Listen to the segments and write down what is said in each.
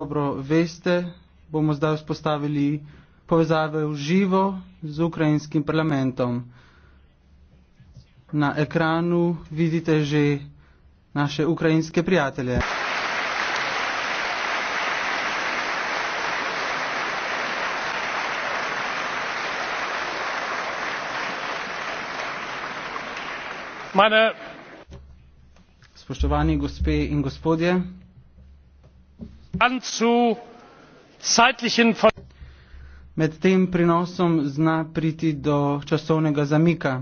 dobro veste, bomo zdaj vzpostavili povezave v živo z ukrajinskim parlamentom. Na ekranu vidite že naše ukrajinske prijatelje. Meine Spoštovani gospe in gospodje, dann zu zeitlichen Mit dem prinosom zna priti do časovnega zamika.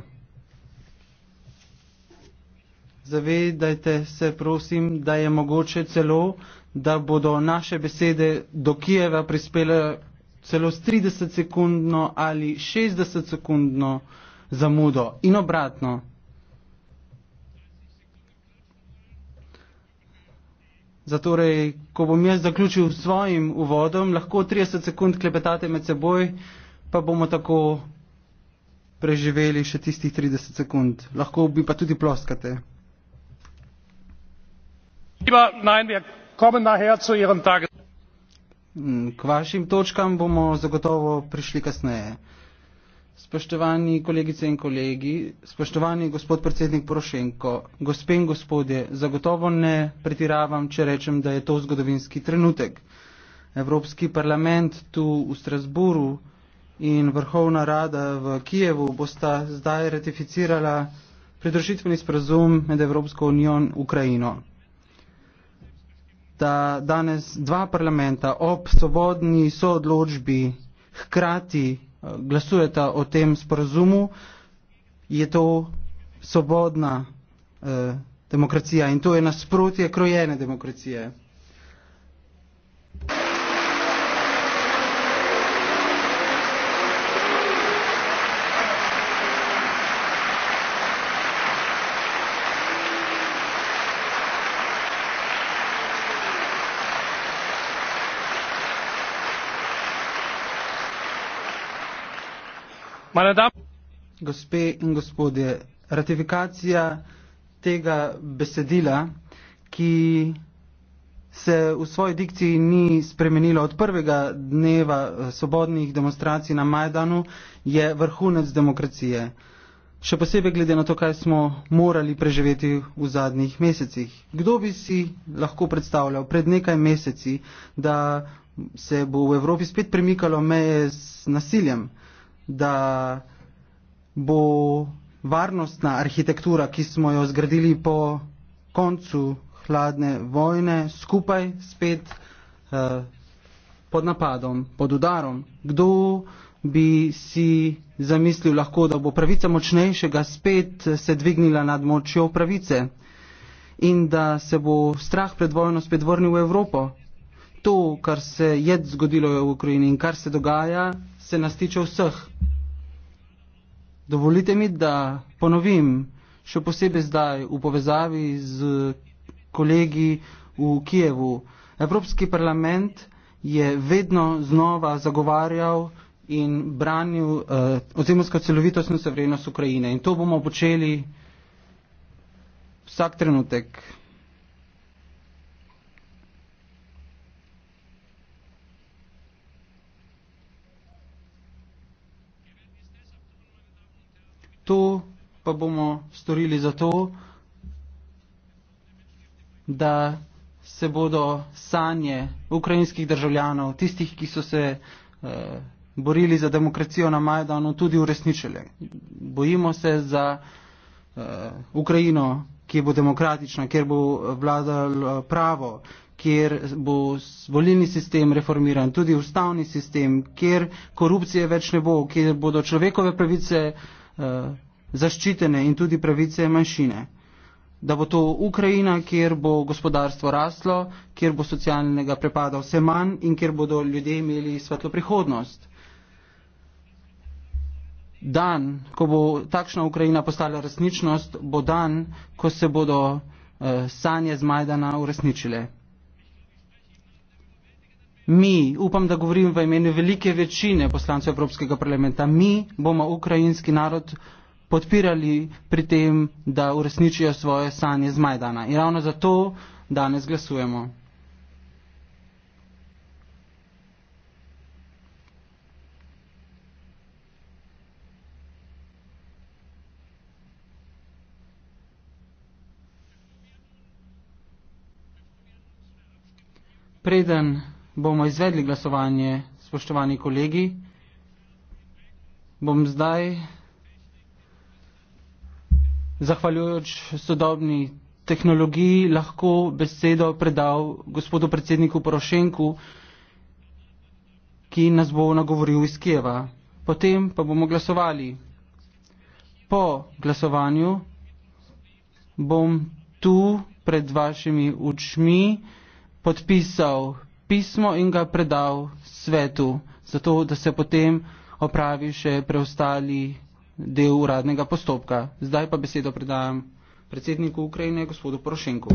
Zavedajte se, prosim, da je mogoče celo, da bodo naše besede do Kijeva prispele celo s 30 sekundno ali 60 sekundno zamudo in obratno. Zatorej, ko bom jaz zaključil s svojim uvodom, lahko 30 sekund klepetate med seboj, pa bomo tako preživeli še tistih 30 sekund. Lahko bi pa tudi ploskate. Hm, k vašim točkam bomo zagotovo prišli kasneje. Spoštovani kolegice in kolegi, spoštovani gospod predsednik Porošenko, gospe in gospodje, zagotovo ne pretiravam, če rečem, da je to zgodovinski trenutek. Evropski parlament tu v Strasburu in vrhovna rada v Kijevu bosta zdaj ratificirala pridružitveni sporazum med Evropsko unijo in Ukrajino. Da danes dva parlamenta ob svobodni soodločbi hkrati glasujeta o tem sporazumu, je to svobodna eh, demokracija in to je nasprotje krojene demokracije. Gospe in gospodje, ratifikacija tega besedila, ki se v svoji dikciji ni spremenila od prvega dneva eh, svobodnih demonstracij na Majdanu, je vrhunec demokracije. Še posebej glede na to, kaj smo morali preživeti v zadnjih mesecih. Kdo bi si lahko predstavljal pred nekaj meseci, da se bo v Evropi spet premikalo meje z nasiljem? da bo varnostna arhitektura, ki smo jo zgradili po koncu hladne vojne, skupaj spet eh, pod napadom, pod udarom. Kdo bi si zamislil lahko, da bo pravica močnejšega spet eh, se dvignila nad močjo pravice in da se bo strah pred vojno spet vrnil v Evropo. To, kar se je zgodilo v Ukrajini in kar se dogaja, se nas tiče vseh. Dovolite mi, da ponovim, še posebej zdaj v povezavi z kolegi v Kijevu. Evropski parlament je vedno znova zagovarjal in branil eh, ozemljsko celovitost in sovrenost Ukrajine. In to bomo počeli vsak trenutek. to pa bomo storili zato, da se bodo sanje ukrajinskih državljanov, tistih, ki so se eh, borili za demokracijo na Majdanu, tudi uresničile. Bojimo se za eh, Ukrajino, ki bo demokratična, kjer bo vladalo pravo, kjer bo volilni sistem reformiran, tudi ustavni sistem, kjer korupcije več ne bo, kjer bodo človekove pravice eh, Eh, zaščitene in tudi pravice manjšine. Da bo to Ukrajina, kjer bo gospodarstvo raslo, kjer bo socialnega prepada vse manj in kjer bodo ljudje imeli svetlo prihodnost. Dan, ko bo takšna Ukrajina postala resničnost, bo dan, ko se bodo eh, sanje z Majdana uresničile mi, upam, da govorim v imenu velike večine poslancev Evropskega parlamenta, mi bomo ukrajinski narod podpirali pri tem, da uresničijo svoje sanje z Majdana. In ravno zato danes glasujemo. Preden bomo izvedli glasovanje, spoštovani kolegi. Bom zdaj, zahvaljujoč sodobni tehnologiji, lahko besedo predal gospodu predsedniku Porošenku, ki nas bo nagovoril iz Kijeva. Potem pa bomo glasovali. Po glasovanju bom tu pred vašimi učmi podpisal pismo in ga predal svetu, zato da se potem opravi še preostali del uradnega postopka. Zdaj pa besedo predajam predsedniku Ukrajine, gospodu Porošenku.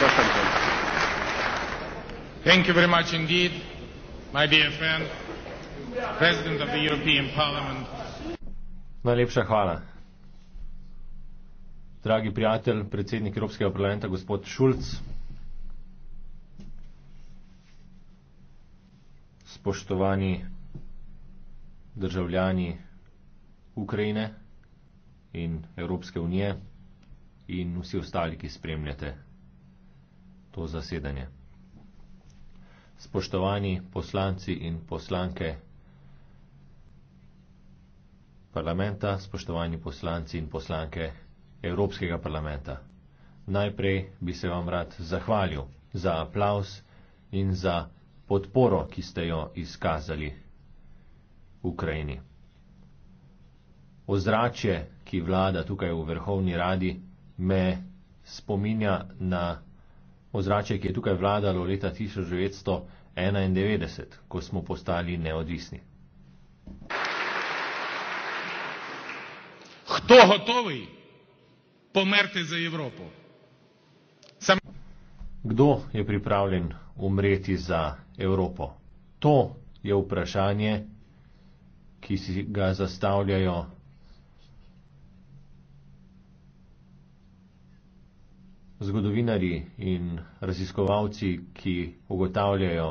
Thank you. Thank you very much indeed, my dear friend, President of the European Parliament. Najlepša hvala. Dragi prijatelj, predsednik Evropskega parlamenta, gospod Šulc, spoštovani državljani Ukrajine in Evropske unije in vsi ostali, ki spremljate to zasedanje spoštovani poslanci in poslanke parlamenta, spoštovani poslanci in poslanke Evropskega parlamenta. Najprej bi se vam rad zahvalil za aplaus in za podporo, ki ste jo izkazali Ukrajini. Ozračje, ki vlada tukaj v Vrhovni radi, me spominja na ozračje, ki je tukaj vladalo leta 1991, ko smo postali neodvisni. Kdo gotovi pomrti za Evropo? Sam... Kdo je pripravljen umreti za Evropo? To je vprašanje, ki si ga zastavljajo zgodovinari in raziskovalci, ki ugotavljajo,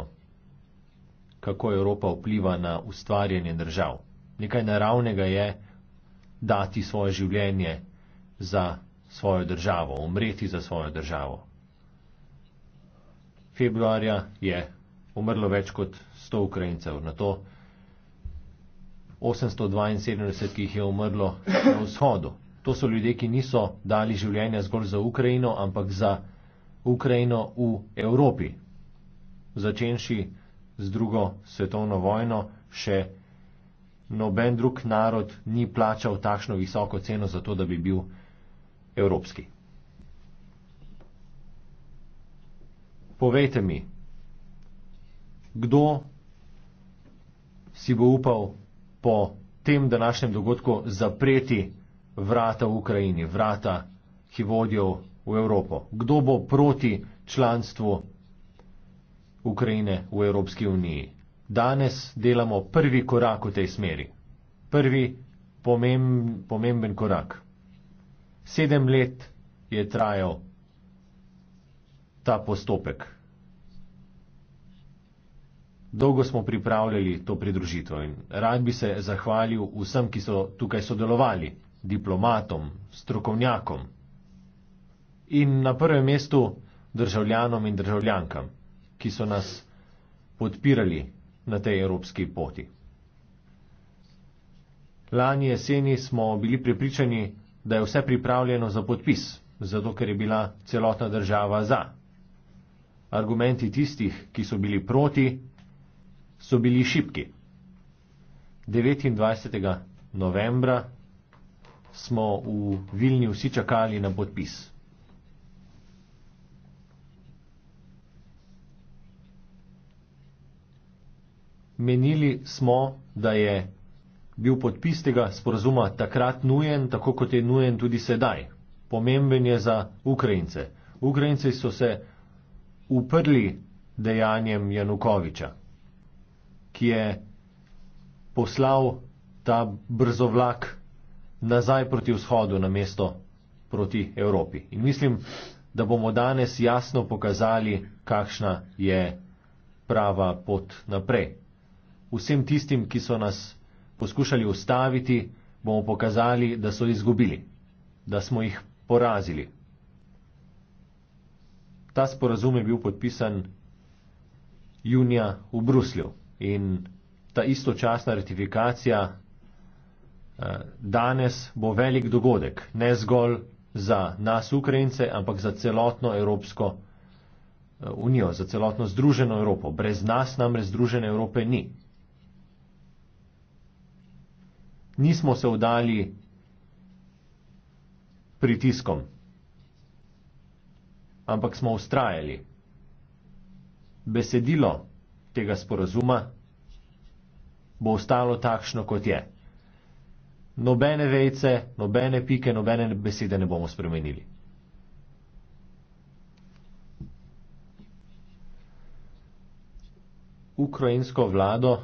kako Evropa vpliva na ustvarjanje držav. Nekaj naravnega je dati svoje življenje za svojo državo, umreti za svojo državo. Februarja je umrlo več kot 100 Ukrajincev, na to 872, ki jih je umrlo na vzhodu. To so ljudje, ki niso dali življenja zgolj za Ukrajino, ampak za Ukrajino v Evropi, začenši z drugo svetovno vojno še. Noben drug narod ni plačal takšno visoko ceno za to, da bi bil evropski. Povejte mi, kdo si bo upal po tem današnjem dogodku zapreti vrata v Ukrajini, vrata, ki vodijo v Evropo. Kdo bo proti članstvu Ukrajine v Evropski uniji? Danes delamo prvi korak v tej smeri. Prvi pomemben korak. Sedem let je trajal ta postopek. Dolgo smo pripravljali to pridružitev in rad bi se zahvalil vsem, ki so tukaj sodelovali diplomatom, strokovnjakom in na prvem mestu državljanom in državljankam, ki so nas podpirali na tej evropski poti. Lani jeseni smo bili prepričani, da je vse pripravljeno za podpis, zato ker je bila celotna država za. Argumenti tistih, ki so bili proti, so bili šipki. 29. novembra smo v Vilni vsi čakali na podpis. Menili smo, da je bil podpis tega sporazuma takrat nujen, tako kot je nujen tudi sedaj. Pomemben je za Ukrajince. Ukrajinci so se uprli dejanjem Janukoviča, ki je poslal ta brzovlak nazaj proti vzhodu, na mesto proti Evropi. In mislim, da bomo danes jasno pokazali, kakšna je prava pot naprej. Vsem tistim, ki so nas poskušali ustaviti, bomo pokazali, da so izgubili, da smo jih porazili. Ta sporazum je bil podpisan junija v Bruslju in ta istočasna ratifikacija Eh, danes bo velik dogodek, ne zgolj za nas, Ukrajince, ampak za celotno Evropsko eh, unijo, za celotno združeno Evropo. Brez nas namreč združene Evrope ni. Nismo se vdali pritiskom, ampak smo ustrajali. Besedilo tega sporazuma bo ostalo takšno, kot je nobene vejce, nobene pike, nobene besede ne bomo spremenili. Ukrajinsko vlado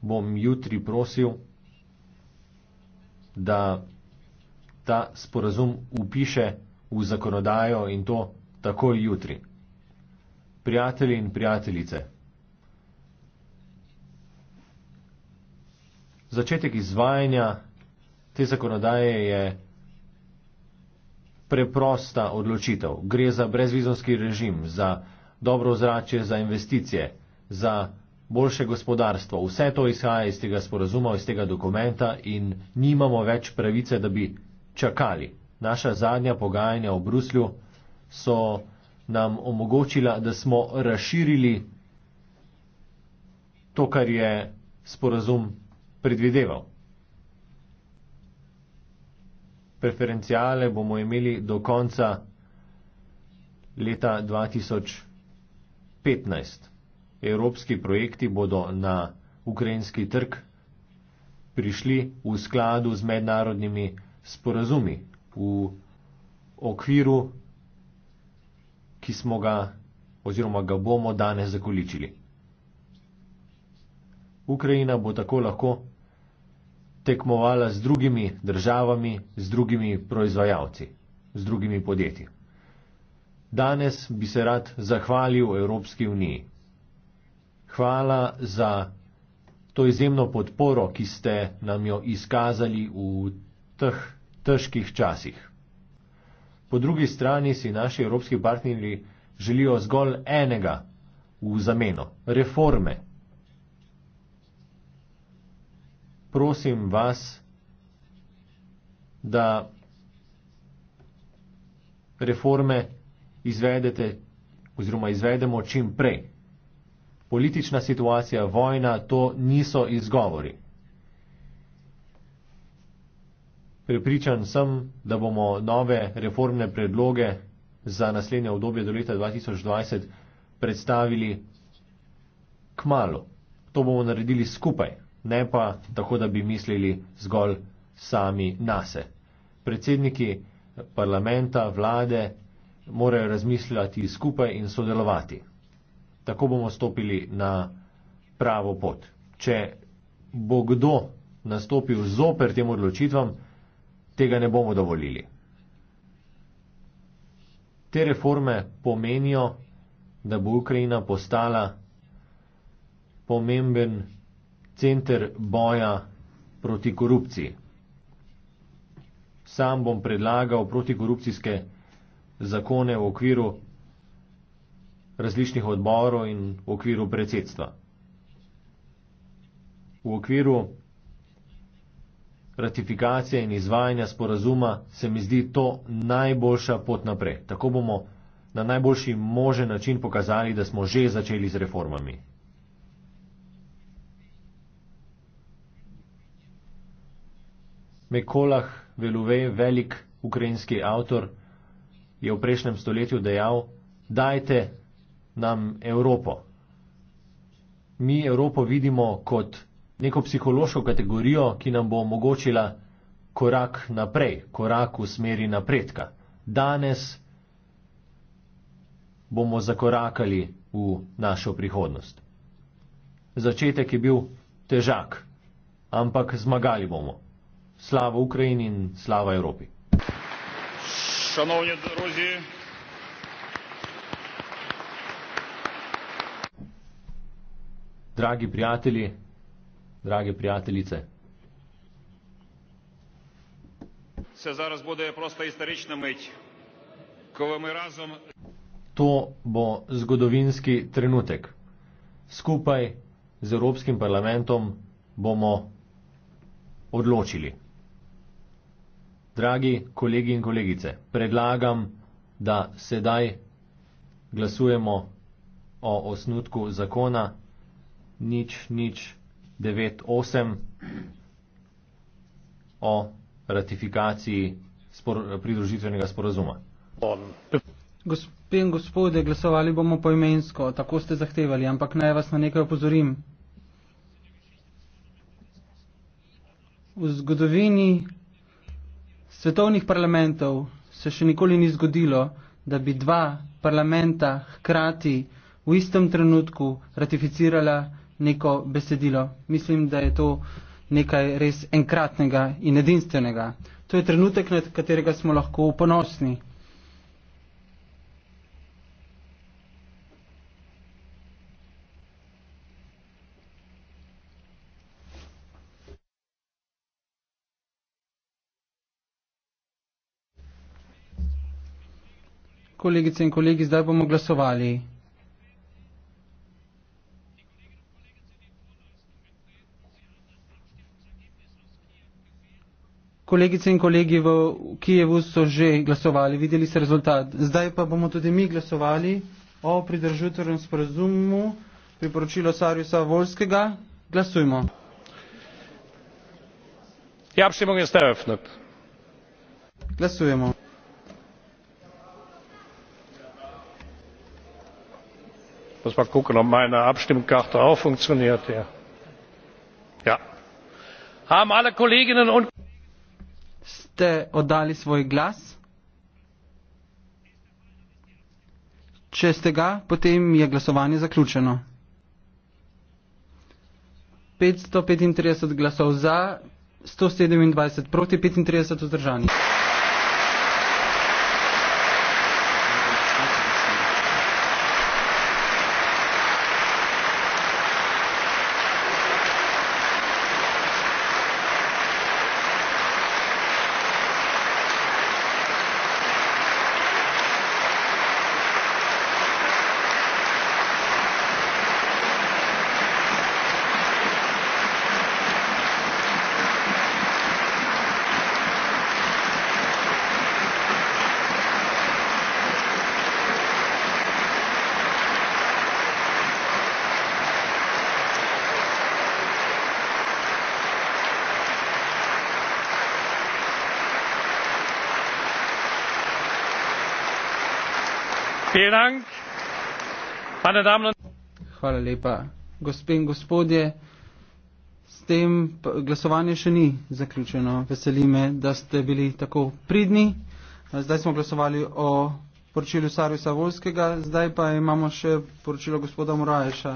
bom jutri prosil, da ta sporazum upiše v zakonodajo in to takoj jutri. Prijatelji in prijateljice, začetek izvajanja te zakonodaje je preprosta odločitev. Gre za brezvizonski režim, za dobro ozračje, za investicije, za boljše gospodarstvo. Vse to izhaja iz tega sporazuma, iz tega dokumenta in nimamo več pravice, da bi čakali. Naša zadnja pogajanja v Bruslju so nam omogočila, da smo razširili to, kar je sporazum predvideval. Preferencijale bomo imeli do konca leta 2015. Evropski projekti bodo na ukrajinski trg prišli v skladu z mednarodnimi sporazumi v okviru, ki smo ga oziroma ga bomo danes zakoličili. Ukrajina bo tako lahko tekmovala z drugimi državami, z drugimi proizvajalci, z drugimi podjetji. Danes bi se rad zahvalil Evropski uniji. Hvala za to izjemno podporo, ki ste nam jo izkazali v teh težkih časih. Po drugi strani si naši evropski partnerji želijo zgolj enega v zameno - reforme. prosim vas, da reforme izvedete oziroma izvedemo čim prej. Politična situacija, vojna, to niso izgovori. Prepričan sem, da bomo nove reformne predloge za naslednje obdobje do leta 2020 predstavili k malu. To bomo naredili skupaj ne pa tako, da bi mislili zgolj sami nase. Predsedniki parlamenta, vlade morajo razmišljati skupaj in sodelovati. Tako bomo stopili na pravo pot. Če bo kdo nastopil zoper tem odločitvam, tega ne bomo dovolili. Te reforme pomenijo, da bo Ukrajina postala pomemben center boja proti korupciji. Sam bom predlagal protikorupcijske zakone v okviru različnih odborov in v okviru predsedstva. V okviru ratifikacije in izvajanja sporazuma se mi zdi to najboljša pot naprej. Tako bomo na najboljši možen način pokazali, da smo že začeli z reformami. Mekolah Velovej, velik ukrajinski avtor, je v prejšnjem stoletju dejal: Dajte nam Evropo. Mi Evropo vidimo kot neko psihološko kategorijo, ki nam bo omogočila korak naprej, korak v smeri napredka. Danes bomo zakorakali v našo prihodnost. Začetek je bil težak, ampak zmagali bomo. Слава Україні, слава Європі. Шановні друзі. Драгі приятелі, драгі приятеліце. Це зараз буде просто історична мить, коли ми разом. То бо згодовинський тренутек. Скупай з Європейським парламентом бомо одлочили. Dragi kolegi in kolegice, predlagam, da sedaj glasujemo o osnutku zakona nič nič devet osem o ratifikaciji spor pridružitvenega sporazuma. Gospe in gospode, glasovali bomo poimensko, tako ste zahtevali, ampak naj vas na nekaj opozorim. V zgodovini svetovnih parlamentov se še nikoli ni zgodilo, da bi dva parlamenta hkrati v istem trenutku ratificirala neko besedilo. Mislim, da je to nekaj res enkratnega in edinstvenega. To je trenutek, na katerega smo lahko ponosni. Kolegice in kolegi, zdaj bomo glasovali. Kolegice in kolegi v Kijevu so že glasovali, videli se rezultat. Zdaj pa bomo tudi mi glasovali o pridržutvenem sporazumu priporočilo Sarjusa Volskega. Glasujmo. Ja, no. Glasujemo. muss mal gucken ob meine abstimmkarte auch funktioniert. Ja. Ja. haben alle kolleginnen und kollegen ste oddali svoj glas? če ste ga, potem je glasovanje zaključeno. 535 glasov za, 127 proti, 35 vzdržanih. Hvala lepa. Gospe in gospodje, s tem glasovanje še ni zaključeno. Veseli me, da ste bili tako pridni. Zdaj smo glasovali o poročilu Sarjusa Volskega, zdaj pa imamo še poročilo gospoda Morajša.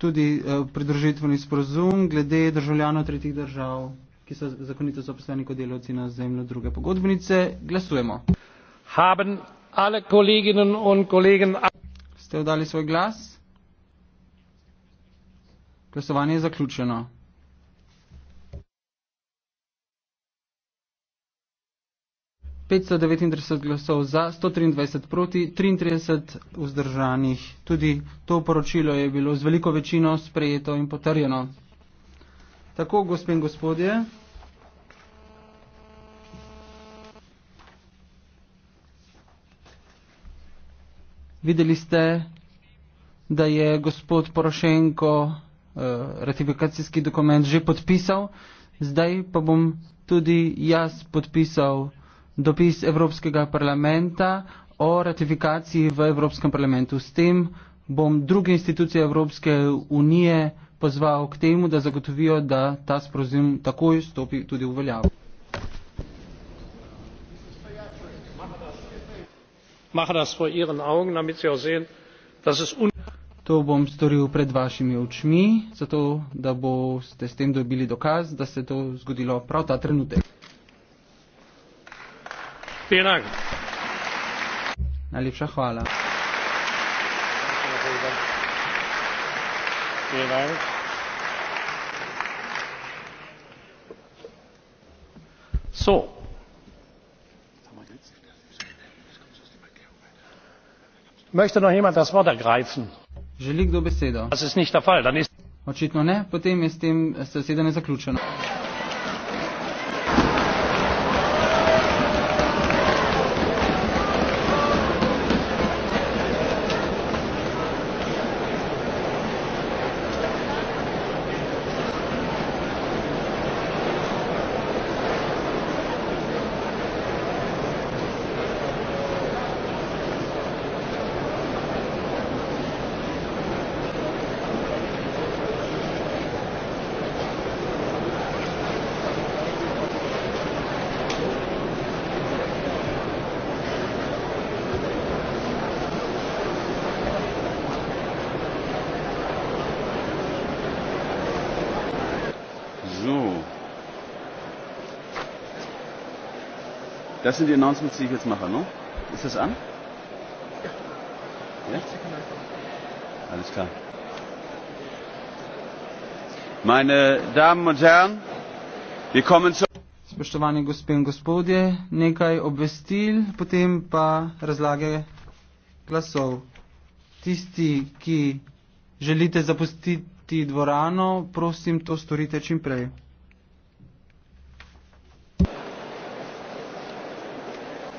Tudi e, pridružitveni sporozum glede državljanov tretjih držav, ki so zakonito zaposleni kot delovci na zemljo druge pogodbenice. Glasujemo. Haben alle Kolleginnen und Kollegen. Ste oddali svoj glas? Glasovanje je zaključeno. petsto glasov za, 123 proti, 33 vzdržanih. Tudi to poročilo je bilo z veliko večino sprejeto in potrjeno. Tako, gospe in gospodje. Videli ste, da je gospod Porošenko eh, ratifikacijski dokument že podpisal, zdaj pa bom tudi jaz podpisal dopis Evropskega parlamenta o ratifikaciji v Evropskem parlamentu. S tem bom druge institucije Evropske unije pozval k temu, da zagotovijo, da ta sporozum takoj stopi tudi v veljavo. mache das vor ihren augen damit sie auch sehen dass es to bom storil pred vašimi očmi zato da boste s tem dobili dokaz da se to zgodilo prav ta trenutek vielen dank najlepša hvala vielen dank so möchte noch jemand das wort ergreifen? das ist nicht der fall. dann ist Das sind die Announcements, die ich jetzt mache, ne? Ist das an? Ja. Alles klar. Meine Damen und Herren, wir kommen zu. Spoštovani gospe in gospodje, nekaj obvestil, potem pa razlage glasov. Tisti, ki želite zapustiti dvorano, prosim, to storite čimprej.